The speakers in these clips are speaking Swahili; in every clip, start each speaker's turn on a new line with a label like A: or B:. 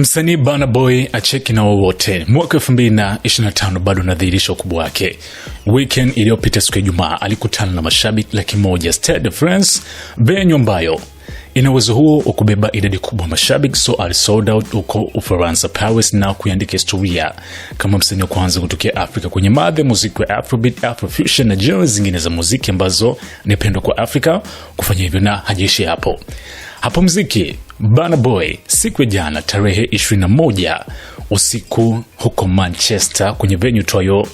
A: Msanii Burna Boy acheki na wowote mwaka tano bado unadhihirisha ukubwa wake. Weekend iliyopita siku ya Ijumaa alikutana na mashabiki laki moja Stade de France, venue ambayo ina uwezo huo wa kubeba idadi kubwa ya mashabiki, so alisold out huko Ufaransa, Paris, na kuiandika historia kama msanii wa kwanza kutokea Afrika kwenye madhe muziki wa Afrobeat, Afrofusion na genres zingine za muziki ambazo ni pendwa kwa Afrika kufanya hivyo, na hajaishi hapo Hapumziki Burna Boy siku ya jana tarehe 21 usiku huko Manchester kwenye venue toyo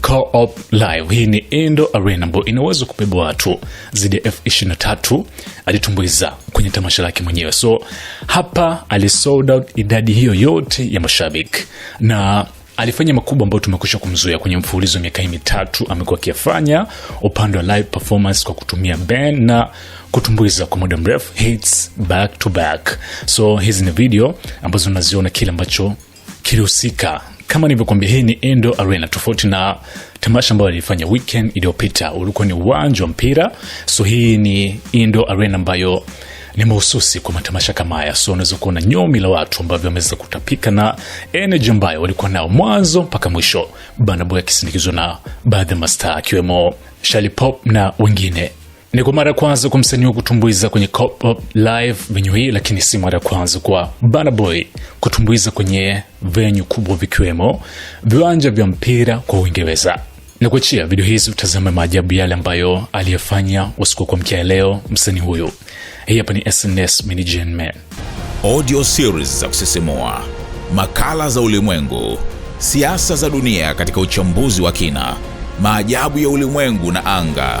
A: Co-op Live. Hii ni Indo Arena ambayo inaweza kubeba watu zaidi ya elfu 23 tatu. Alitumbuiza kwenye tamasha lake mwenyewe, so hapa alisold out idadi hiyo yote ya mashabiki na alifanya makubwa ambayo tumekwisha kumzuia kwenye mfululizo wa miaka hii mitatu. Amekuwa akiyafanya upande wa live performance kwa kutumia band na kutumbuiza kwa muda mrefu hits back to back. So hizi ni video ambazo unaziona kile ambacho kilihusika kama nilivyokuambia, hii ni Endo Arena, tofauti na tamasha ambayo alifanya weekend iliyopita, ulikuwa ni uwanja wa mpira. So hii ni Endo Arena ambayo ni mahususi kwa matamasha kama haya, so unaweza kuona nyomi la watu ambavyo wameweza kutapika na energy ambayo walikuwa nao mwanzo mpaka mwisho. Banaboy akisindikizwa na baadhi ya mastaa akiwemo Shalipop na wengine. Ni kwa mara ya kwanza kwa msanii wa kutumbuiza kwenye live venyu hii, lakini si mara ya kwanza kwa Burna Boy kutumbuiza kwenye venyu kubwa vikiwemo viwanja vya mpira kwa Uingereza. Na kuachia video hizi utazame maajabu yale ambayo aliyefanya usiku kwa mkia leo msanii huyu. Hii hapa ni SNS Minigen Man,
B: audio series za kusisimua, makala za ulimwengu, siasa za dunia katika uchambuzi wa kina, maajabu ya ulimwengu na anga